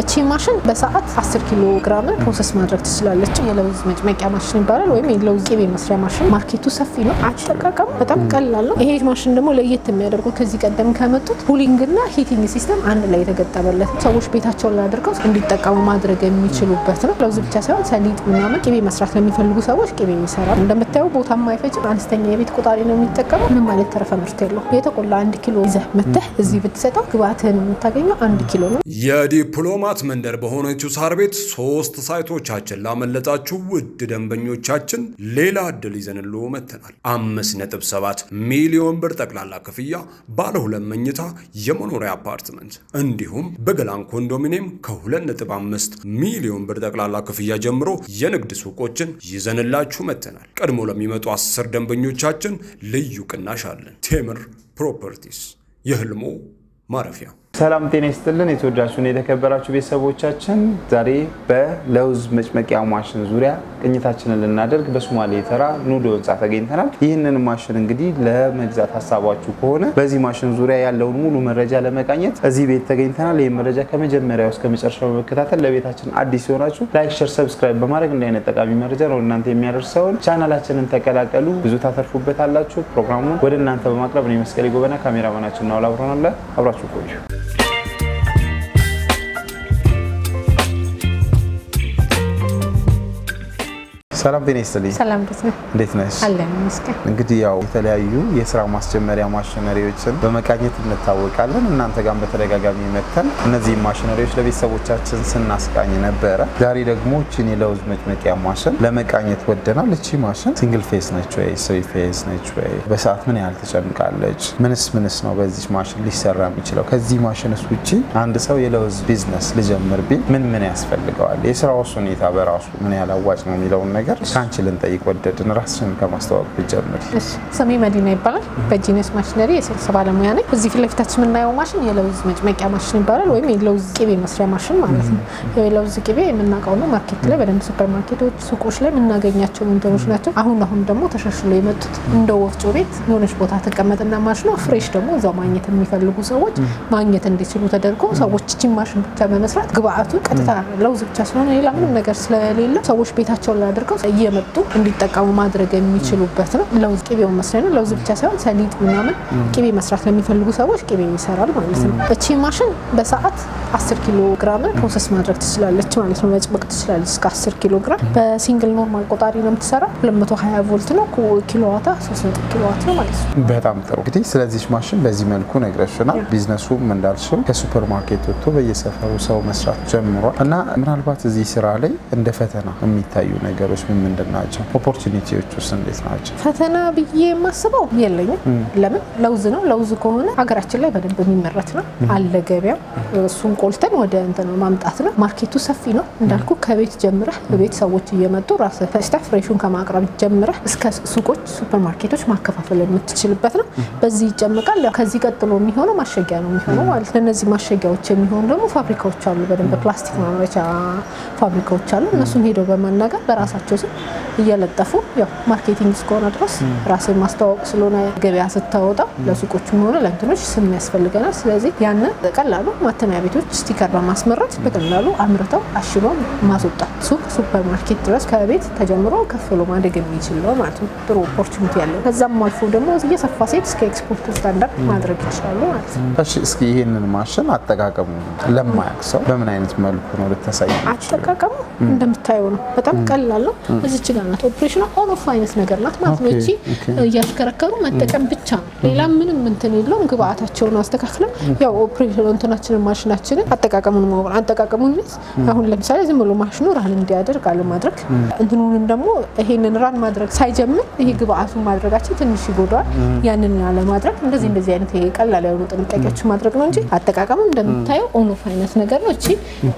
እቺ ማሽን በሰዓት 10 ኪሎ ግራምን ፕሮሰስ ማድረግ ትችላለች። የለውዝ መጭመቂያ ማሽን ይባላል፣ ወይም የለውዝ ቅቤ መስሪያ ማሽን። ማርኬቱ ሰፊ ነው፣ አጠቃቀሙ በጣም ቀላል ነው። ይሄ ማሽን ደግሞ ለየት የሚያደርገው ከዚህ ቀደም ከመጡት ፑሊንግና ሂቲንግ ሲስተም አንድ ላይ የተገጠመለት ሰዎች ቤታቸውን ላድርገው እንዲጠቀሙ ማድረግ የሚችሉበት ነው። ለውዝ ብቻ ሳይሆን ሰሊጥ፣ ምናምን ቅቤ መስራት ለሚፈልጉ ሰዎች ቅቤ ይሰራል። እንደምታየው ቦታ ማይፈጭም፣ አነስተኛ የቤት ቆጣሪ ነው የሚጠቀመው። ምንም አይነት ተረፈ ምርት የለው። የተቆላ አንድ ኪሎ ይዘህ መተህ እዚህ ብትሰጠው ግብአትህን የምታገኘው አንድ ኪሎ ነው። የዲፕሎማ ልማት መንደር በሆነችው ሳር ቤት ሶስት ሳይቶቻችን ላመለጣችሁ ውድ ደንበኞቻችን ሌላ እድል ይዘንሎ መጥተናል። አምስት ነጥብ ሰባት ሚሊዮን ብር ጠቅላላ ክፍያ ባለ ሁለት መኝታ የመኖሪያ አፓርትመንት እንዲሁም በገላን ኮንዶሚኒየም ከሁለት ነጥብ አምስት ሚሊዮን ብር ጠቅላላ ክፍያ ጀምሮ የንግድ ሱቆችን ይዘንላችሁ መጥተናል። ቀድሞ ለሚመጡ አስር ደንበኞቻችን ልዩ ቅናሽ አለን። ቴምር ፕሮፐርቲስ የህልሞ ማረፊያ ሰላም ጤና ይስጥልን። የተወዳችሁን የተከበራችሁ ቤተሰቦቻችን ዛሬ በለውዝ መጭመቂያ ማሽን ዙሪያ ቅኝታችንን ልናደርግ በሶማሌ ተራ ኑዶ ህንፃ ተገኝተናል። ይህንን ማሽን እንግዲህ ለመግዛት ሀሳባችሁ ከሆነ በዚህ ማሽን ዙሪያ ያለውን ሙሉ መረጃ ለመቃኘት እዚህ ቤት ተገኝተናል። ይህ መረጃ ከመጀመሪያው እስከ መጨረሻው በመከታተል ለቤታችን አዲስ ሲሆናችሁ ላይክ፣ ሸር፣ ሰብስክራይብ በማድረግ እንዲህ አይነት ጠቃሚ መረጃ ነው እናንተ የሚያደርሰውን ቻናላችንን ተቀላቀሉ። ብዙ ታተርፉበታላችሁ። ፕሮግራሙን ወደ እናንተ በማቅረብ እኔ መስቀሌ ጎበና ካሜራማናችን ናውላ አብረናለ አብራችሁ ቆዩ Yeah. ሰላም ጤና ይስጥልኝ። ሰላም እንዴት ነሽ? አለን ይመስገን። እንግዲህ ያው የተለያዩ የስራ ማስጀመሪያ ማሽነሪዎችን በመቃኘት እንታወቃለን። እናንተ ጋር በተደጋጋሚ መተን እነዚህ ማሽነሪዎች ለቤተሰቦቻችን ስናስቃኝ ነበረ። ዛሬ ደግሞ እቺን የለውዝ መጭመቂያ ማሽን ለመቃኘት ወደናል። እቺ ማሽን ሲንግል ፌስ ነች ወይ ስሪ ፌስ ነች ወይ? በሰዓት ምን ያህል ትጨምቃለች? ምንስ ምንስ ነው በዚህ ማሽን ሊሰራ የሚችለው? ከዚህ ማሽንስ ውጭ አንድ ሰው የለውዝ ቢዝነስ ልጀምር ቢል ምን ምን ያስፈልገዋል? የስራውስ ሁኔታ በራሱ ምን ያህል አዋጭ ነው የሚለውን ነገር ነገር እሱ ልንጠይቅ ወደድን። ራስሽን ከማስተዋወቅ ብትጀምሪ። ስሜ መዲና ይባላል። በጂነስ ማሽነሪ የሴልስ ባለሙያ ነኝ። እዚህ ፊት ለፊታችን የምናየው ማሽን የለውዝ መጭመቂያ ማሽን ይባላል፣ ወይም የለውዝ ቅቤ መስሪያ ማሽን ማለት ነው። የለውዝ ቅቤ የምናውቀው ነው ማርኬት ላይ በደንብ ሱፐር ማርኬቶች፣ ሱቆች ላይ የምናገኛቸው ነገሮች ናቸው። አሁን አሁን ደግሞ ተሻሽሎ የመጡት እንደ ወፍጮ ቤት የሆነች ቦታ ተቀመጥና ማሽኗ ፍሬሽ ደግሞ እዛው ማግኘት የሚፈልጉ ሰዎች ማግኘት እንዲችሉ ተደርጎ ሰዎች እቺ ማሽን ብቻ በመስራት ግብአቱ ቀጥታ ለውዝ ብቻ ስለሆነ ሌላ ምንም ነገር ስለሌለ ሰዎች ቤታቸውን ላይ አድርገው እየመጡ እንዲጠቀሙ ማድረግ የሚችሉበት ነው። ለውዝ ቅቤውን መስሪያ ነው። ለውዝ ብቻ ሳይሆን ሰሊጥ ምናምን ቅቤ መስራት ለሚፈልጉ ሰዎች ቅቤ ይሰራል ማለት ነው። እቺ ማሽን በሰዓት 10 ኪሎ ግራም ፕሮሰስ ማድረግ ትችላለች ማለት ነው። መጭመቅ ትችላለች እስከ 10 ኪሎ ግራም። በሲንግል ኖርማል ቆጣሪ ነው የምትሰራ። 220 ቮልት ነው። ኪሎዋታ 3 ኪሎዋት ነው ማለት ነው። በጣም ጥሩ። እንግዲህ ስለዚህ ማሽን በዚህ መልኩ ነግረሽናል። ቢዝነሱም እንዳልሽው ከሱፐር ማርኬት ወጥቶ በየሰፈሩ ሰው መስራት ጀምሯል እና ምናልባት እዚህ ስራ ላይ እንደ ፈተና የሚታዩ ነገሮች ምን ምንድን ናቸው? ኦፖርቹኒቲዎች ውስጥ እንዴት ናቸው? ፈተና ብዬ የማስበው የለኝም። ለምን ለውዝ ነው። ለውዝ ከሆነ ሀገራችን ላይ በደንብ የሚመረት ነው አለ ገበያ እሱን ቆልተን ወደ እንትን ማምጣት ነው። ማርኬቱ ሰፊ ነው እንዳልኩ ከቤት ጀምረህ በቤት ሰዎች እየመጡ ራስህ ፈጭተህ ፍሬሹን ከማቅረብ ጀምረህ እስከ ሱቆች፣ ሱፐር ማርኬቶች ማከፋፈል የምትችልበት ነው። በዚህ ይጨምቃል። ከዚህ ቀጥሎ የሚሆነው ማሸጊያ ነው የሚሆነው ማለት ነው። እነዚህ ማሸጊያዎች የሚሆኑ ደግሞ ፋብሪካዎች አሉ፣ በደንብ ፕላስቲክ ማምረቻ ፋብሪካዎች አሉ። እነሱን ሄደው በመናገር በራሳቸው ስም እየለጠፉ ያው ማርኬቲንግ እስከሆነ ድረስ ራስን ማስተዋወቅ ስለሆነ ገበያ ስታወጣ ለሱቆችም ሆነ ለእንትኖች ስም ያስፈልገናል። ስለዚህ ያንን ቀላሉ ማተሚያ ቤቶች ስቲከር በማስመረት በቀላሉ አምርተው አሽሎ ማስወጣት ሱቅ፣ ሱፐርማርኬት ድረስ ከቤት ተጀምሮ ከፍሎ ማደግ የሚችል ነው ማለት ነው። ጥሩ ኦፖርቹኒቲ ያለው ከዛም አልፎ ደግሞ እየሰፋ ሴት እስከ ኤክስፖርት ስታንዳርድ ማድረግ ይችላሉ ማለት ነው። እስኪ ይህንን ማሽን አጠቃቀሙ ለማያውቅ ሰው በምን አይነት መልኩ ነው ልታሳይ? አጠቃቀሙ እንደምታየው ነው። በጣም ቀላል ነው። እዚች ጋር ናት ኦፕሬሽኗ። ኦን ኦፍ አይነት ነገር ናት ማለት ነው። እቺ እያሽከረከሩ መጠቀም ብቻ ነው። ሌላ ምንም እንትን የለውም። ግብአታቸውን አስተካክለም ያው ኦፕሬሽን እንትናችንን ማሽናችንን አጠቃቀሙን ነው። አጠቃቀሙን አሁን ለምሳሌ ዝም ብሎ ማሽኑ ራን እንዲያደርግ አለማድረግ እንትኑንም ደግሞ ይሄንን ራን ማድረግ ሳይጀምር ይሄ ግብአቱ ማድረጋችን ትንሽ ይጎዳዋል። ያንን አለማድረግ እንደዚህ እንደዚህ አይነት ይሄ ቀላል ያሉ ጥንቃቄዎች ማድረግ ነው እንጂ አጠቃቀሙ እንደምታየው ኦኖፍ አይነት ነገር ነው። እቺ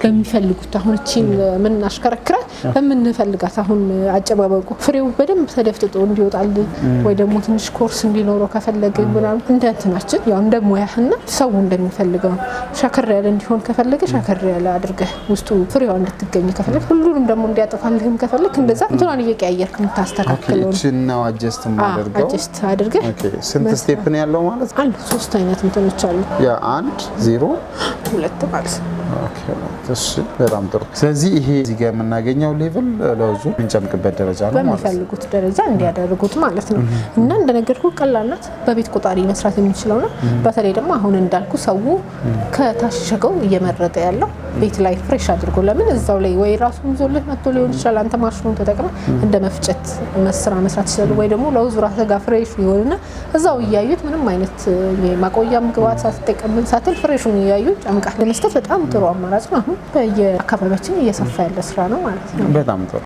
በሚፈልጉት አሁን እቺ የምናሽከረክራት በምንፈልጋት አሁን አጨባበቁ ፍሬው በደንብ ተደፍጥጦ እንዲወጣል ወይ ደግሞ ትንሽ ኮርስ እንዲኖረው ከፈለገ ምናምን እንደ እንትናችን ያው እንደ ሙያህና ሰው እንደሚፈልገው ሸከር ያለ እንዲ እንዲሆን ከፈለገ ሻከር ያለ አድርገህ ውስጡ ፍሬዋ እንድትገኝ ከፈለግ ሁሉንም ደግሞ እንዲያጠፋልህም ከፈለግ እንደዛ እንትኗን እየቀያየርክ የምታስተካክለው ነው። አጀስት ማደርገው አጀስት አድርገህ ስንት ስቴፕ ነው ያለው ማለት አንድ ሶስት አይነት እንትኖች አሉ። አንድ ዜሮ ሁለት ማለት ነው። በጣም ጥሩ። ስለዚህ ይሄ እዚህ ጋር የምናገኘው ሌቭል ለዙ የምንጨምቅበት ደረጃ ነው በሚፈልጉት ደረጃ እንዲያደርጉት ማለት ነው። እና እንደነገርኩ ቀላል ናት፣ በቤት ቆጣሪ መስራት የሚችለው ነው። በተለይ ደግሞ አሁን እንዳልኩ ሰው ከታሸገው እየመረጠ ያለው ቤት ላይ ፍሬሽ አድርጎ ለምን እዛው ላይ ወይ ራሱ ይዞልህ መጥቶ ሊሆን ይችላል። አንተ ማሽኑን ተጠቅመህ እንደ መፍጨት ስራ መስራት ይችላል። ወይ ደግሞ ለውዙ ራስህ ጋር ፍሬሽ ይሆንና እዛው እያዩት ምንም አይነት ማቆያም ግብአት ሳትጠቀም ሳትል ፍሬሹን እያዩ ጨምቃ ለመስጠት በጣም ጥሩ አማራጭ ነው። አሁን በየአካባቢያችን እየሰፋ ያለ ስራ ነው ማለት ነው። በጣም ጥሩ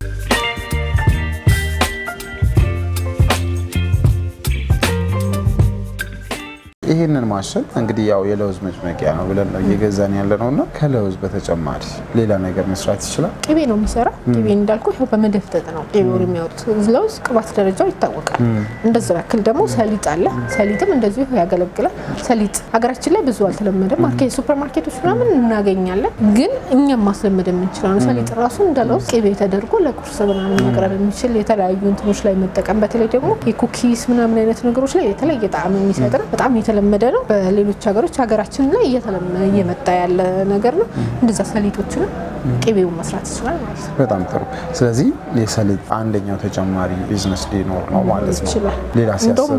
ይህንን ማሽን እንግዲህ ያው የለውዝ መጭመቂያ ነው ብለን ነው እየገዛን ያለ ነው እና ከለውዝ በተጨማሪ ሌላ ነገር መስራት ይችላል። ቅቤ ነው የሚሰራው። ቅቤ እንዳልኩ በመደፍጠጥ ነው ቅቤውን የሚያወጡት። ለውዝ ቅባት ደረጃው ይታወቃል። እንደዚ ያክል ደግሞ ሰሊጥ አለ። ሰሊጥም እንደዚሁ ያገለግላል። ሰሊጥ ሀገራችን ላይ ብዙ አልተለመደም። ሱፐር ማርኬቶች ምናምን እናገኛለን፣ ግን እኛም ማስለመድ የምንችለው ነው። ሰሊጥ ራሱ ለውዝ ቅቤ ተደርጎ ለቁርስ ምናምን መቅረብ የሚችል የተለያዩ እንትኖች ላይ መጠቀም በተለይ ደግሞ የኩኪስ ምናምን አይነት ነገሮች ላይ የተለየ ጣዕም የሚሰጥ ነው። በጣም የተለ የተለመደ ነው። በሌሎች ሀገሮች ሀገራችን ላይ እየመጣ ያለ ነገር ነው። እንደዛ ሰሊጦችንም ቅቤውን መስራት ይችላል ማለት ነው። በጣም ጥሩ። ስለዚህ የሰሊጥ አንደኛው ተጨማሪ ቢዝነስ ሊኖር ነው ማለት ነው። ሌላ ሲያስብ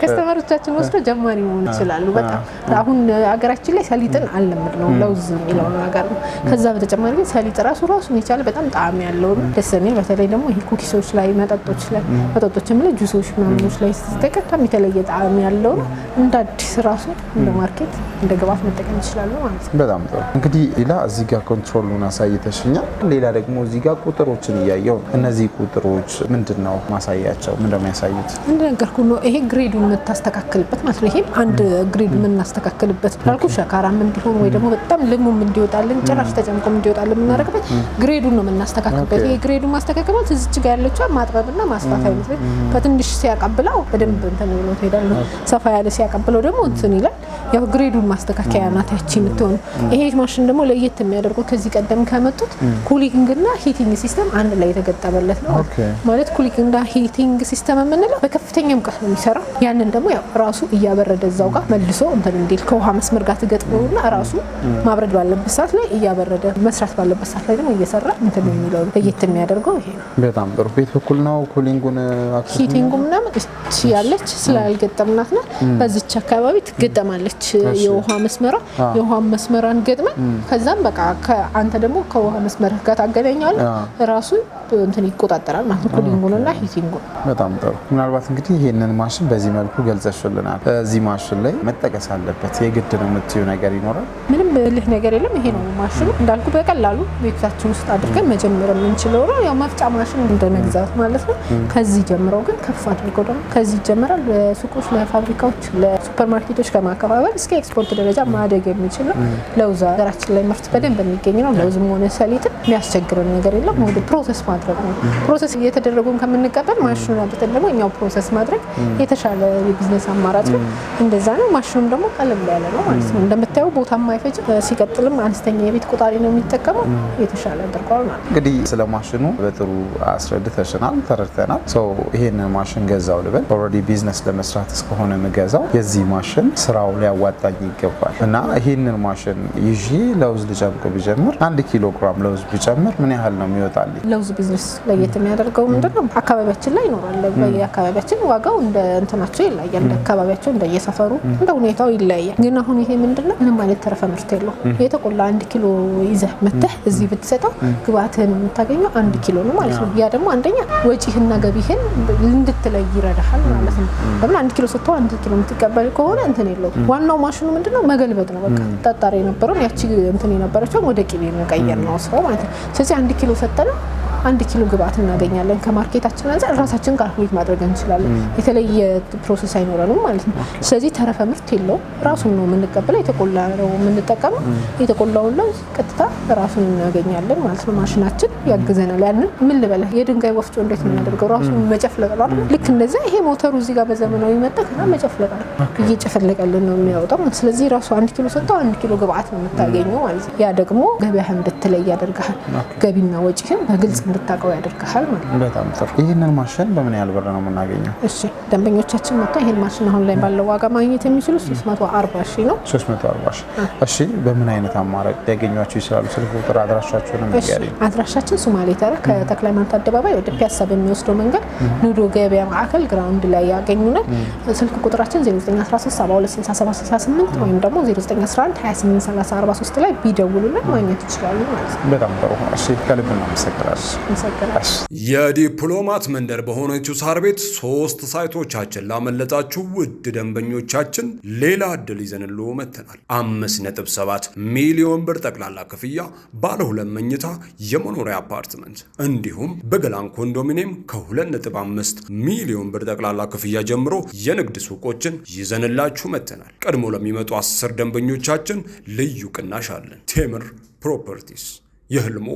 ከስተመሮቻችን ወስዶ ጀማሪ መሆን ይችላሉ። በጣም አሁን ሀገራችን ላይ ሰሊጥን አልለምድ ነው ለውዝ የሚለው ነገር ነው። ከዛ በተጨማሪ ግን ሰሊጥ ራሱ ራሱን የቻለ በጣም ጣዕም ያለው ደስ የሚል በተለይ ደግሞ ይሄ ኩኪሶች ላይ፣ መጠጦች ላይ መጠጦችም ላይ ጁሶች ምናምኖች ላይ ሲጠቀም የተለየ ጣ ጣዕም ያለውን እንደ አዲስ ራሱ እንደ ማርኬት እንደ ግባት መጠቀም ይችላሉ ማለት ነው። በጣም ጥሩ። እንግዲህ ሌላ እዚህ ጋር ኮንትሮሉን አሳይተሽኛል። ሌላ ደግሞ እዚህ ጋር ቁጥሮችን እያየው እነዚህ ቁጥሮች ምንድን ነው ማሳያቸው? ምንድን እንደ ነው ይሄ ግሬዱን የምታስተካክልበት ማለት ነው። ይሄም አንድ ግሬድ የምናስተካክልበት ላልኩ ሸካራም እንዲሆን ወይ ደግሞ በጣም ልሙም እንዲወጣልን ጭራሽ ተጨምቆም እንዲወጣልን የምናደርግበት ግሬዱን ነው የምናስተካክልበት። ይሄ ግሬዱን ማስተካከልበት እዚች ጋር ያለችው ማጥበብና ማስፋት አይነት በትንሽ ሲያቀብለው በደንብ እንትን ብሎ ትሄዳል ነው። ሰፋ ያለ ሲያቀብለው ደግሞ እንትን ይላል። ያው ግሬዱን ማስተካከያ ናት ያቺ የምትሆኑ። ይሄ ማሽን ደግሞ ለየት የሚያደርገው ከዚህ ቀደም ከመጡት ኩሊንግና ሂቲንግ ሲስተም አንድ ላይ የተገጠመለት ነው። ማለት እና ሂቲንግ ሲስተም የምንለው በከፍተኛ ሙቀት ነው የሚሰራው። ያንን ደግሞ ያው ራሱ እያበረደ እዛው ጋር መልሶ እንትን እንዲል ከውሃ መስመር ጋር እና ራሱ ማብረድ ባለበት ሰዓት ላይ እያበረደ መስራት ባለበት ሰዓት ላይ ደግሞ እየሰራ እንትን የሚለው ለየት የሚያደርገው ይሄ ነው። በጣም ጥሩ ቤት በኩል ነው ኩሊንጉን ሂቲንጉ ምናምን ያለች ስላልገጠ የገጠምናት ናት። በዚች አካባቢ ትገጠማለች የውሃ መስመሯ። የውሃ መስመሯን ገጥመ ከዛም በቃ አንተ ደግሞ ከውሃ መስመር ጋር ታገናኛለህ። ራሱን እንትን ይቆጣጠራል ማለት ነው፣ ኩሊንጉንና ሂቲንጉን። በጣም ጥሩ። ምናልባት እንግዲህ ይህንን ማሽን በዚህ መልኩ ገልጸሽልናል። እዚህ ማሽን ላይ መጠቀስ አለበት የግድ ነው የምትዩ ነገር ይኖራል? ምንም ልህ ነገር የለም። ይሄ ነው ማሽኑ እንዳልኩ በቀላሉ ቤታችን ውስጥ አድርገን መጀመር የምንችለው ነው። ያው መፍጫ ማሽን እንደመግዛት ማለት ነው። ከዚህ ጀምረው ግን ከፍ አድርገው ደግሞ ከዚህ ይጀምራል። በሱቁ ለፋብሪካዎች፣ ለሱፐርማርኬቶች ከማከፋፈል እስከ ኤክስፖርት ደረጃ ማደግ የሚችል ነው። ለውዝ ሀገራችን ላይ ምርት በደንብ የሚገኝ ነው። ለውዝም ሆነ ሰሊጥም የሚያስቸግረን ነገር የለም። ወደ ፕሮሰስ ማድረግ ነው። ፕሮሰስ እየተደረጉን ከምንቀበል ማሽኑን አምጥተን ደግሞ እኛው ፕሮሰስ ማድረግ የተሻለ የቢዝነስ አማራጭ ነው። እንደዛ ነው። ማሽኑም ደግሞ ቀለል ያለ ነው ማለት ነው። እንደምታየው ቦታ ማይፈጭ ሲቀጥልም አነስተኛ የቤት ቆጣሪ ነው የሚጠቀመው። የተሻለ አድርገዋል ማለት እንግዲህ ስለ ማሽኑ በጥሩ አስረድተሽናል፣ ተረድተናል። ይሄን ማሽን ገዛው ልበል ኦልሬዲ ቢዝነስ ለመስራት ከሆነ ምገዛው የዚህ ማሽን ስራው ሊያዋጣኝ ይገባል እና ይህንን ማሽን ይዤ ለውዝ ልጨምቅ ብጀምር አንድ ኪሎ ግራም ለውዝ ብጨምር ምን ያህል ነው የሚወጣልኝ? ለውዝ ቢዝነስ ለየት የሚያደርገው ምንድን ነው? አካባቢያችን ላይ ይኖራል። በየአካባቢያችን ዋጋው እንደ እንትናቸው ይለያል። እንደ አካባቢያቸው፣ እንደየሰፈሩ፣ እንደ ሁኔታው ይለያል። ግን አሁን ይሄ ምንድን ነው? ምንም አይነት ተረፈ ምርት የለው። የተቆላ አንድ ኪሎ ይዘህ መተህ እዚህ ብትሰጠው ግብአትህን የምታገኘው አንድ ኪሎ ነው ማለት ነው። ያ ደግሞ አንደኛ ወጪህና ገቢህን እንድትለይ ይረዳሃል ማለት ነው። ለምን አንድ ኪሎ ስተው አንድ ኪሎ የምትቀበል ከሆነ እንትን የለው። ዋናው ማሽኑ ምንድነው መገልበጥ ነው። በቃ ጠጣሪ የነበረውን ያቺ እንትን የነበረችውን ወደ ቂቤ መቀየር ነው ስራው ማለት ነው። ስለዚህ አንድ ኪሎ ሰጠነው አንድ ኪሎ ግብአት እናገኛለን ከማርኬታችን አንጻር ራሳችን ካልኩሌት ማድረግ እንችላለን። የተለየ ፕሮሰስ አይኖረንም ማለት ነው። ስለዚህ ተረፈ ምርት የለው ራሱን ነው የምንቀበለው፣ የተቆላው የምንጠቀመው፣ የተቆላውን ለውዝ ቀጥታ ራሱን እናገኛለን ማለት ነው። ማሽናችን ያግዘናል። ያንን ምን ልበለ የድንጋይ ወፍጮ እንዴት የምናደርገው የሚያደርገው? ራሱን መጨፍለቅ ልክ እንደዚያ ይሄ ሞተሩ እዚህ ጋር በዘመናዊ መጣ ከዛ እየጨፈለቀልን ነው የሚያወጣው። ስለዚህ ራሱ አንድ ኪሎ ሰጥተው አንድ ኪሎ ግብአት ነው የምታገኘው ማለት ነው። ያ ደግሞ ገበያህ እንድትለይ ያደርግሃል። ገቢና ወጪህም በግልጽ እንድታውቀው ያደርግሃል ማለት ነው። በጣም ጥሩ። ይህንን ማሽን በምን ያህል ብር ነው የምናገኘው? እሺ ደንበኞቻችን መጥቶ ይህን ማሽን አሁን ላይ ባለው ዋጋ ማግኘት የሚችሉ 340 ሺህ ነው። 340 እሺ በምን አይነት አማራጭ ሊያገኟቸው ይችላሉ? ስልክ ቁጥር፣ አድራሻቸውን አድራሻችን ሶማሌ ተራ ከተክለሃይማኖት አደባባይ ወደ ፒያሳ በሚወስደው መንገድ ኑዶ ገበያ ማዕከል ግራውንድ ላይ ያገኙናል። ስልክ ቁጥራችን 0913726768 ወይም ደግሞ 0911283043 ላይ ቢደውሉልን ማግኘት ይችላሉ ማለት ነው። በጣም ጥሩ። እሺ ከልብ እናመሰግናለን። የዲፕሎማት መንደር በሆነችው ሳር ቤት ሶስት ሳይቶቻችን ላመለጣችሁ ውድ ደንበኞቻችን ሌላ እድል ይዘንሉ መጥተናል። አምስት ነጥብ ሰባት ሚሊዮን ብር ጠቅላላ ክፍያ ባለ ሁለት መኝታ የመኖሪያ አፓርትመንት እንዲሁም በገላን ኮንዶሚኒየም ከሁለት ነጥብ አምስት ሚሊዮን ብር ጠቅላላ ክፍያ ጀምሮ የንግድ ሱቆችን ይዘንላችሁ መጥተናል። ቀድሞ ለሚመጡ አስር ደንበኞቻችን ልዩ ቅናሽ አለን። ቴምር ፕሮፐርቲስ የህልሞ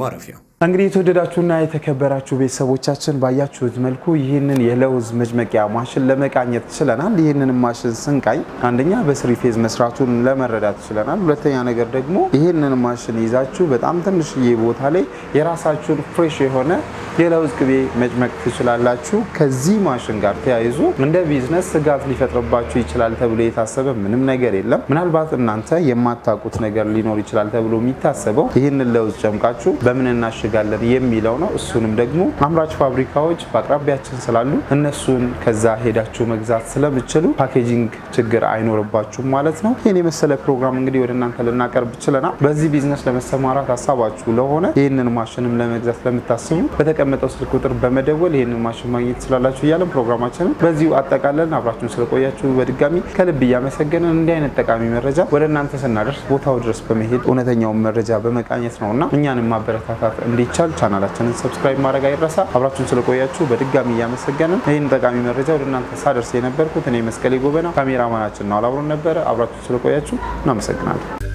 ማረፊያ እንግዲህ የተወደዳችሁና የተከበራችሁ ቤተሰቦቻችን ባያችሁት መልኩ ይህንን የለውዝ መጭመቂያ ማሽን ለመቃኘት ችለናል። ይህንን ማሽን ስንቃኝ አንደኛ በስሪ ፌዝ መስራቱን ለመረዳት ችለናል። ሁለተኛ ነገር ደግሞ ይህንን ማሽን ይዛችሁ በጣም ትንሽዬ ቦታ ላይ የራሳችሁን ፍሬሽ የሆነ የለውዝ ቅቤ መጭመቅ ትችላላችሁ። ከዚህ ማሽን ጋር ተያይዞ እንደ ቢዝነስ ስጋት ሊፈጥርባችሁ ይችላል ተብሎ የታሰበ ምንም ነገር የለም። ምናልባት እናንተ የማታውቁት ነገር ሊኖር ይችላል ተብሎ የሚታሰበው ይህንን ለውዝ ጨምቃችሁ በምንናሽ እንፈልጋለን የሚለው ነው። እሱንም ደግሞ አምራች ፋብሪካዎች በአቅራቢያችን ስላሉ እነሱን ከዛ ሄዳችሁ መግዛት ስለምችሉ ፓኬጂንግ ችግር አይኖርባችሁም ማለት ነው። ይህን የመሰለ ፕሮግራም እንግዲህ ወደ እናንተ ልናቀርብ ችለናል። በዚህ ቢዝነስ ለመሰማራት ሀሳባችሁ ለሆነ ይህንን ማሽንም ለመግዛት ለምታስቡ በተቀመጠው ስልክ ቁጥር በመደወል ይህንን ማሽን ማግኘት ትችላላችሁ እያለን ፕሮግራማችንን በዚሁ አጠቃለን። አብራችሁን ስለቆያችሁ በድጋሚ ከልብ እያመሰገንን እንዲህ አይነት ጠቃሚ መረጃ ወደ እናንተ ስናደርስ ቦታው ድረስ በመሄድ እውነተኛውን መረጃ በመቃኘት ነው እና እኛንም ማበረታታት እንዲ ቢቻል ቻናላችንን ሰብስክራይብ ማድረግ አይረሳ። አብራችሁን ስለቆያችሁ በድጋሚ እያመሰገንን ይህን ጠቃሚ መረጃ ወደ እናንተ ሳደርስ የነበርኩት እኔ መስቀሌ ጎበና፣ ካሜራማናችን ነው አላብሮን ነበረ። አብራችሁን ስለቆያችሁ እናመሰግናለን።